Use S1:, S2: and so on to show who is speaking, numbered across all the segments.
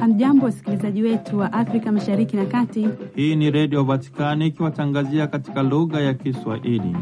S1: Hamjambo, wasikilizaji wetu wa Afrika mashariki na kati.
S2: Hii ni Redio Vatikani ikiwatangazia katika
S3: lugha ya Kiswahili.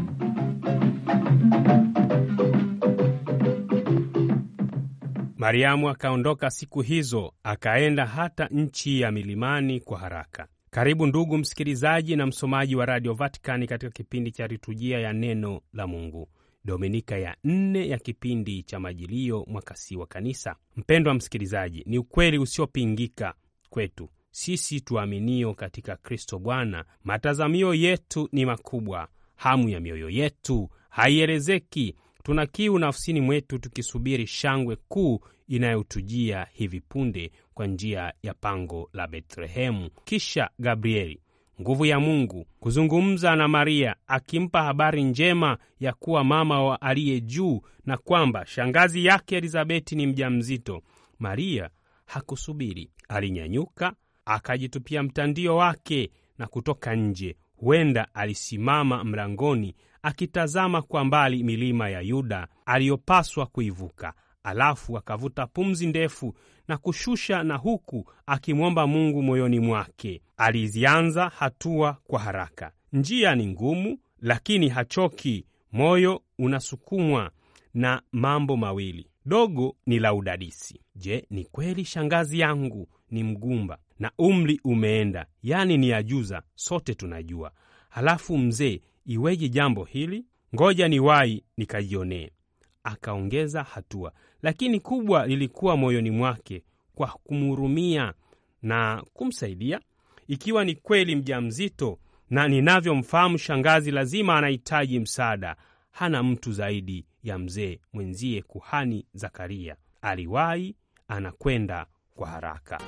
S3: Mariamu akaondoka siku hizo akaenda hata nchi ya milimani kwa haraka. Karibu ndugu msikilizaji na msomaji wa Radio Vatikani katika kipindi cha ritujia ya Neno la Mungu dominika ya nne ya kipindi cha Majilio mwaka C wa Kanisa. Mpendwa msikilizaji, ni ukweli usiopingika kwetu sisi tuaminio katika Kristo Bwana, matazamio yetu ni makubwa, hamu ya mioyo yetu haielezeki. Tuna kiu nafsini mwetu, tukisubiri shangwe kuu inayotujia hivi punde kwa njia ya pango la Betlehemu. Kisha Gabrieli nguvu ya Mungu kuzungumza na Maria akimpa habari njema ya kuwa mama wa aliye juu na kwamba shangazi yake Elizabeti ni mjamzito. Maria hakusubiri, alinyanyuka akajitupia mtandio wake na kutoka nje. Huenda alisimama mlangoni akitazama kwa mbali milima ya Yuda aliyopaswa kuivuka alafu akavuta pumzi ndefu na kushusha, na huku akimwomba Mungu moyoni mwake. Alizianza hatua kwa haraka. Njia ni ngumu, lakini hachoki. Moyo unasukumwa na mambo mawili, dogo ni la udadisi. Je, ni kweli shangazi yangu ni mgumba na umri umeenda, yaani ni ajuza, sote tunajua. Halafu mzee, iweje jambo hili? Ngoja ni wai nikajionee akaongeza hatua, lakini kubwa lilikuwa moyoni mwake kwa kumhurumia na kumsaidia. Ikiwa ni kweli mjamzito na ninavyomfahamu shangazi, lazima anahitaji msaada, hana mtu zaidi ya mzee mwenzie kuhani Zakaria. Aliwahi, anakwenda kwa haraka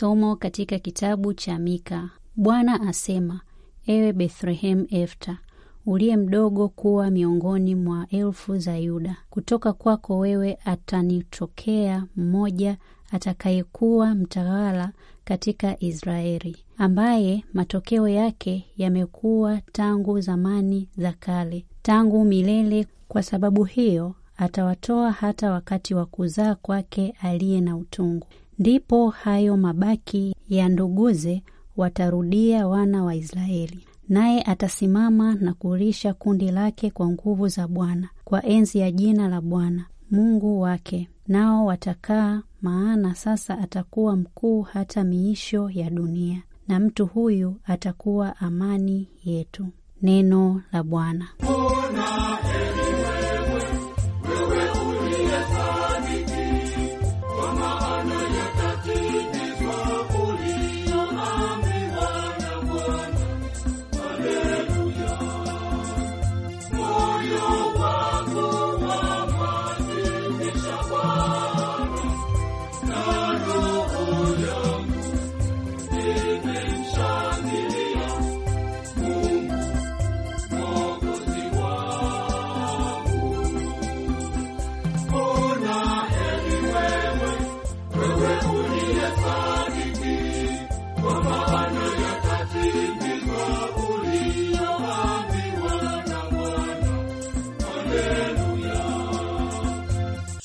S1: Somo katika kitabu cha Mika. Bwana asema, ewe Bethlehem Efta, uliye mdogo kuwa miongoni mwa elfu za Yuda, kutoka kwako wewe atanitokea mmoja atakayekuwa mtawala katika Israeli, ambaye matokeo yake yamekuwa tangu zamani za kale, tangu milele. Kwa sababu hiyo atawatoa hata wakati wa kuzaa kwake aliye na utungu, ndipo hayo mabaki ya nduguze watarudia wana wa Israeli, naye atasimama na kulisha kundi lake kwa nguvu za Bwana, kwa enzi ya jina la Bwana Mungu wake, nao watakaa, maana sasa atakuwa mkuu hata miisho ya dunia, na mtu huyu atakuwa amani yetu. Neno la Bwana.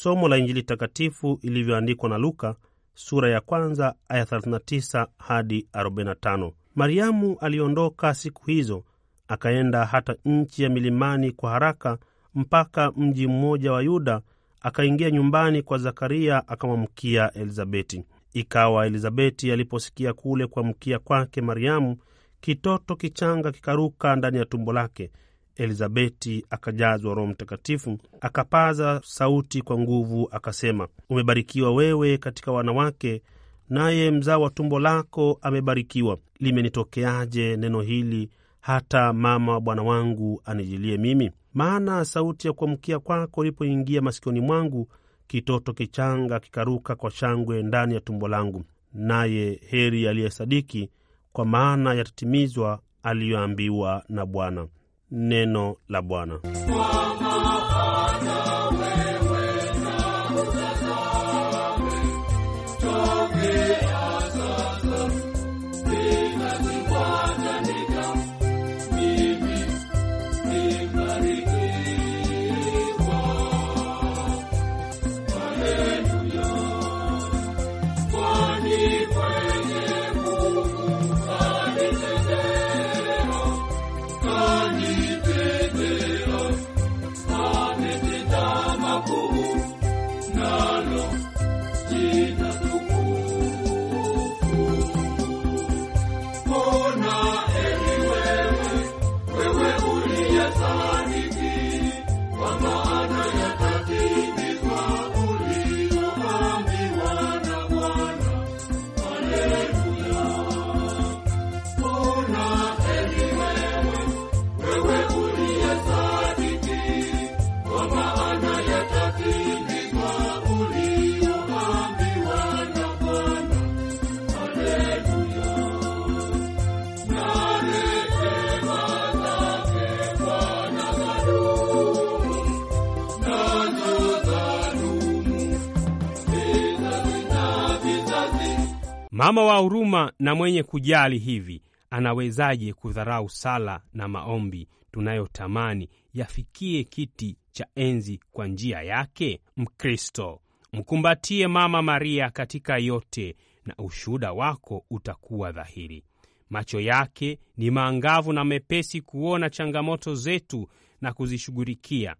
S2: Somo la Injili takatifu ilivyoandikwa na Luka sura ya kwanza aya 39 hadi 45. Mariamu aliondoka siku hizo akaenda hata nchi ya milimani kwa haraka mpaka mji mmoja wa Yuda, akaingia nyumbani kwa Zakaria akamwamkia Elizabeti. Ikawa Elizabeti aliposikia kule kuamkia kwake Mariamu, kitoto kichanga kikaruka ndani ya tumbo lake, Elizabeti akajazwa Roho Mtakatifu, akapaza sauti kwa nguvu akasema, umebarikiwa wewe katika wanawake, naye mzao wa tumbo lako amebarikiwa. Limenitokeaje neno hili hata mama wa bwana wangu anijilie mimi? Maana sauti ya kuamkia kwako ilipoingia masikioni mwangu, kitoto kichanga kikaruka kwa shangwe ndani ya tumbo langu. Naye heri aliyesadiki, kwa maana yatatimizwa aliyoambiwa na Bwana neno la Bwana.
S3: Mama wa huruma na mwenye kujali hivi anawezaje kudharau sala na maombi tunayotamani yafikie kiti cha enzi kwa njia yake? Mkristo, mkumbatie Mama Maria katika yote na ushuhuda wako utakuwa dhahiri. Macho yake ni maangavu na mepesi kuona changamoto zetu na kuzishughulikia.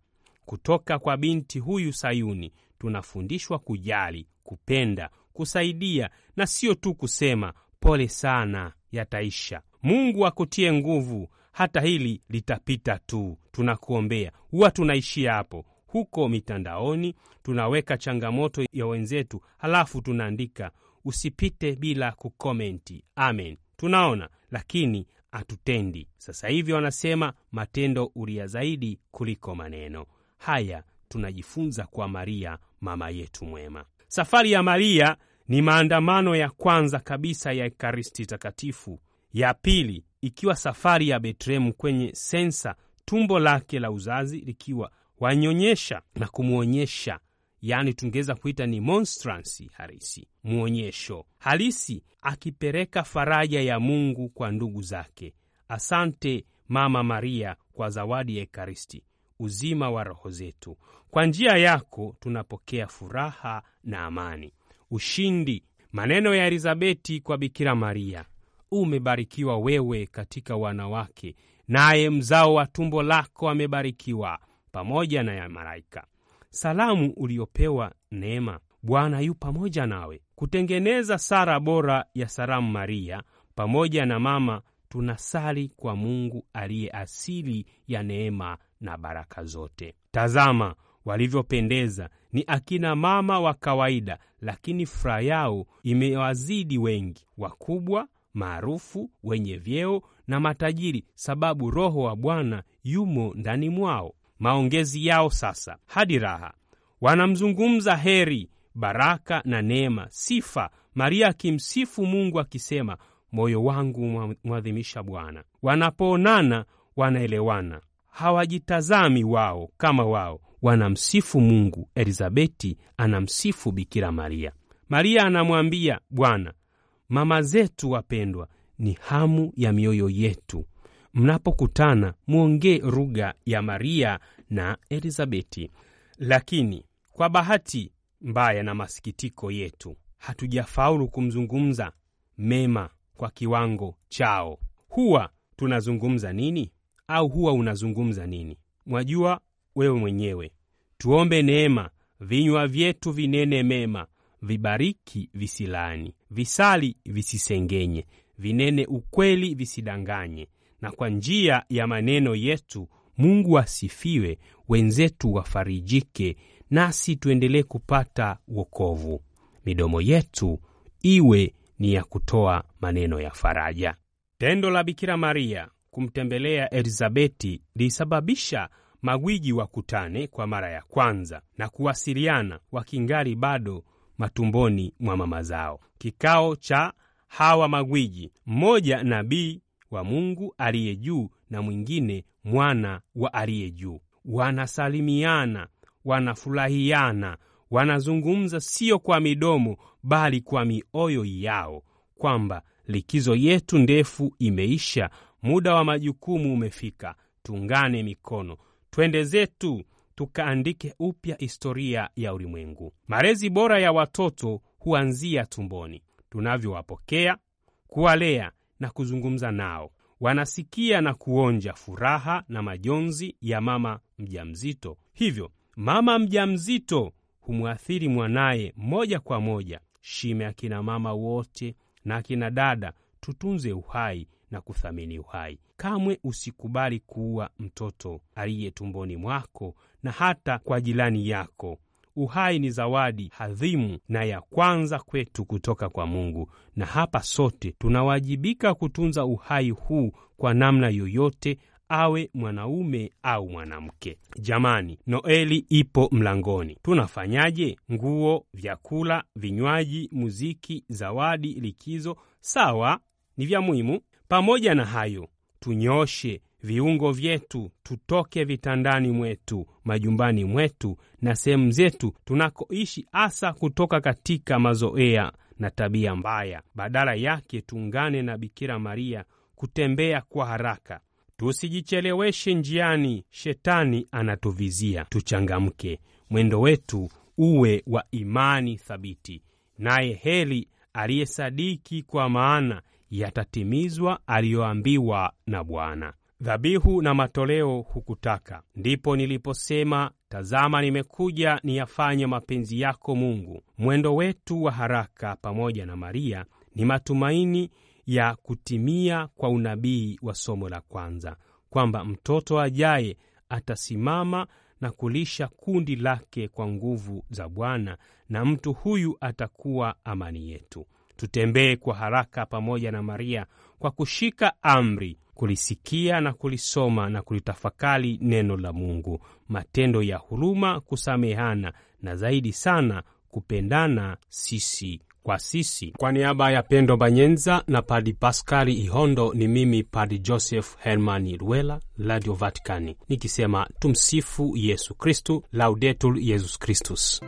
S3: Kutoka kwa binti huyu Sayuni tunafundishwa kujali, kupenda kusaidia na sio tu kusema pole sana, yataisha. Mungu akutie nguvu, hata hili litapita tu. Tunakuombea. Huwa tunaishia hapo huko mitandaoni, tunaweka changamoto ya wenzetu, halafu tunaandika usipite bila kukomenti. Amen. Tunaona lakini hatutendi. Sasa hivi wanasema matendo uria zaidi kuliko maneno. Haya tunajifunza kwa Maria mama yetu mwema. Safari ya Maria ni maandamano ya kwanza kabisa ya Ekaristi Takatifu, ya pili ikiwa safari ya Betlehemu kwenye sensa, tumbo lake la uzazi likiwa wanyonyesha na kumwonyesha, yaani tungeweza kuita ni monstransi harisi mwonyesho halisi, akipeleka faraja ya Mungu kwa ndugu zake. Asante Mama Maria kwa zawadi ya Ekaristi uzima wa roho zetu. Kwa njia yako tunapokea furaha na amani, ushindi. Maneno ya Elizabeti kwa Bikira Maria: umebarikiwa wewe katika wanawake, naye mzao wa tumbo lako amebarikiwa pamoja na ya malaika. Salamu uliyopewa neema, Bwana yu pamoja nawe. Kutengeneza sara bora ya salamu Maria pamoja na mama tunasali kwa Mungu aliye asili ya neema na baraka zote. Tazama walivyopendeza! Ni akina mama wa kawaida, lakini furaha yao imewazidi wengi, wakubwa, maarufu, wenye vyeo na matajiri, sababu Roho wa Bwana yumo ndani mwao. Maongezi yao sasa hadi raha, wanamzungumza heri, baraka na neema, sifa Maria akimsifu Mungu akisema, moyo wangu mwadhimisha Bwana. Wanapoonana wanaelewana, hawajitazami wao kama wao, wanamsifu Mungu. Elizabeti anamsifu Bikira Maria. Maria anamwambia Bwana, mama zetu wapendwa, ni hamu ya mioyo yetu. Mnapokutana mwongee lugha ya Maria na Elizabeti. Lakini kwa bahati mbaya na masikitiko yetu, hatujafaulu kumzungumza mema kwa kiwango chao. Huwa tunazungumza nini? au huwa unazungumza nini? Mwajua wewe mwenyewe. Tuombe neema, vinywa vyetu vinene mema, vibariki visilani, visali visisengenye, vinene ukweli visidanganye, na kwa njia ya maneno yetu Mungu asifiwe, wenzetu wafarijike, nasi tuendelee kupata wokovu. Midomo yetu iwe ni ya kutoa maneno ya faraja. Tendo la Bikira Maria kumtembelea Elizabeti lisababisha magwiji wakutane kwa mara ya kwanza na kuwasiliana wakingali bado matumboni mwa mama zao. Kikao cha hawa magwiji, mmoja nabii wa Mungu aliye juu na mwingine mwana wa aliye juu, wanasalimiana, wanafurahiana, wanazungumza sio kwa midomo bali kwa mioyo yao kwamba likizo yetu ndefu imeisha, Muda wa majukumu umefika, tuungane mikono, twende zetu tukaandike upya historia ya ulimwengu. Malezi bora ya watoto huanzia tumboni, tunavyowapokea, kuwalea na kuzungumza nao. Wanasikia na kuonja furaha na majonzi ya mama mjamzito, hivyo mama mjamzito humwathiri mwanaye moja kwa moja. Shime akina mama wote na akina dada, tutunze uhai na kuthamini uhai. Kamwe usikubali kuua mtoto aliye tumboni mwako na hata kwa jirani yako. Uhai ni zawadi hadhimu na ya kwanza kwetu kutoka kwa Mungu, na hapa sote tunawajibika kutunza uhai huu kwa namna yoyote, awe mwanaume au mwanamke. Jamani, Noeli ipo mlangoni. Tunafanyaje? Nguo, vyakula, vinywaji, muziki, zawadi, likizo, sawa, ni vya muhimu, pamoja na hayo, tunyoshe viungo vyetu, tutoke vitandani mwetu, majumbani mwetu na sehemu zetu tunakoishi, hasa kutoka katika mazoea na tabia mbaya. Badala yake, tuungane na Bikira Maria kutembea kwa haraka. Tusijicheleweshe njiani, shetani anatuvizia. Tuchangamke, mwendo wetu uwe wa imani thabiti. Naye heri aliyesadiki, kwa maana yatatimizwa aliyoambiwa na Bwana. Dhabihu na matoleo hukutaka, ndipo niliposema, tazama, nimekuja niyafanye mapenzi yako Mungu. Mwendo wetu wa haraka pamoja na Maria ni matumaini ya kutimia kwa unabii wa somo la kwanza, kwamba mtoto ajaye atasimama na kulisha kundi lake kwa nguvu za Bwana, na mtu huyu atakuwa amani yetu tutembee kwa haraka pamoja na Maria kwa kushika amri, kulisikia na kulisoma na kulitafakari neno la Mungu, matendo ya huruma, kusamehana na zaidi sana kupendana sisi kwa sisi. Kwa niaba ya Pendo Banyenza na Padi Paskari Ihondo, ni mimi Padi Joseph Hermani Ruela, Radio Vaticani, nikisema tumsifu Yesu Kristu, Laudetul Yesus Kristus.